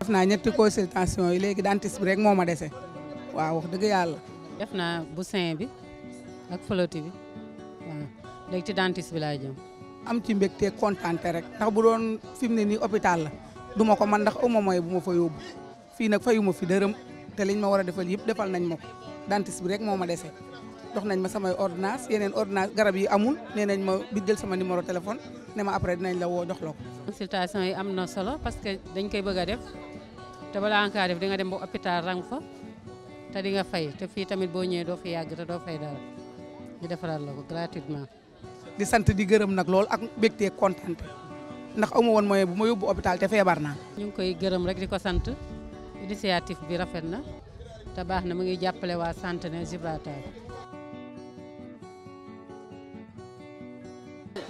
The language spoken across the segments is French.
def naa ñetti consultation yi léegi dentiste bi rek moo ma dese waaw wax dëgg yàlla. def naa bu sein bi ak floti bi waaw léegi ci dentiste bi laa jëm. am ci mbégte kontante rek ndax bu doon fi mu ne nii hôpital la du ma ko man ndax aw ma mooy bu ma fa yóbbu fii nag fayu ma fi dërëm te liñ ma war a defal yëpp defal nañ ma ko dentiste bi rek moo ma dese. dox nañ ma samay ordonnance yeneen ordonnance garab yi amul ne nañ ma bi jël sama numéro téléphone ne ma après dinañ la woo jox am na solo parce que dañ koy bëgg a def. te balaa nga kaa def di nga dem ba hôpital rang fa te di nga fay te fii tamit boo ñëwee doo fi yàgg te doo fay dara ñu defaral la ko gratuitement. di sant di gërëm nag lool ak mbégte kontaan ndax amu woon mooy bu ma yóbbu hôpital te feebar naa. ñu ngi koy gërëm rek di ko sant initiative bi rafet na te baax na mu ngi jàppale waa sant ne Gibraltar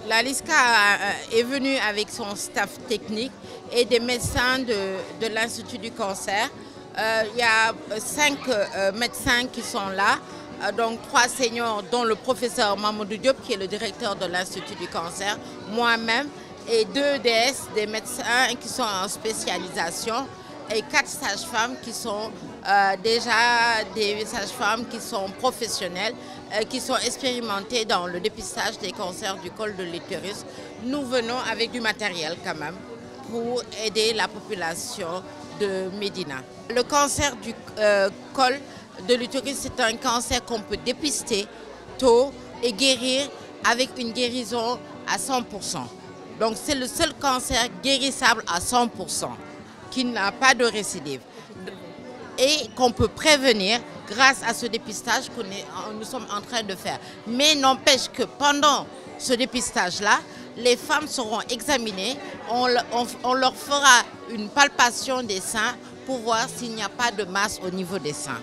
La LISCA euh, est venue avec son staff technique et des médecins de, l'Institut du cancer. Euh, il y a cinq euh, médecins qui sont là, donc trois seniors, dont le professeur Mamoudou Diop, qui est le directeur de l'Institut du cancer, moi-même, et deux DS, des médecins qui sont en spécialisation, et quatre sages-femmes qui sont euh, déjà des sages-femmes qui sont professionnelles, euh, qui sont expérimentées dans le dépistage des cancers du col de l'utérus. Nous venons avec du matériel quand même pour aider la population de Médina. Le cancer du euh, col de l'utérus, c'est un cancer qu'on peut dépister tôt et guérir avec une guérison à 100%. Donc c'est le seul cancer guérissable à 100% qui n'a pas de récidive et qu'on peut prévenir grâce à ce dépistage que euh, nous sommes en train de faire. Mais n'empêche que pendant ce dépistage-là, les femmes seront examinées, on, on, leur fera une palpation des seins pour voir s'il n'y a pas de masse au niveau des seins.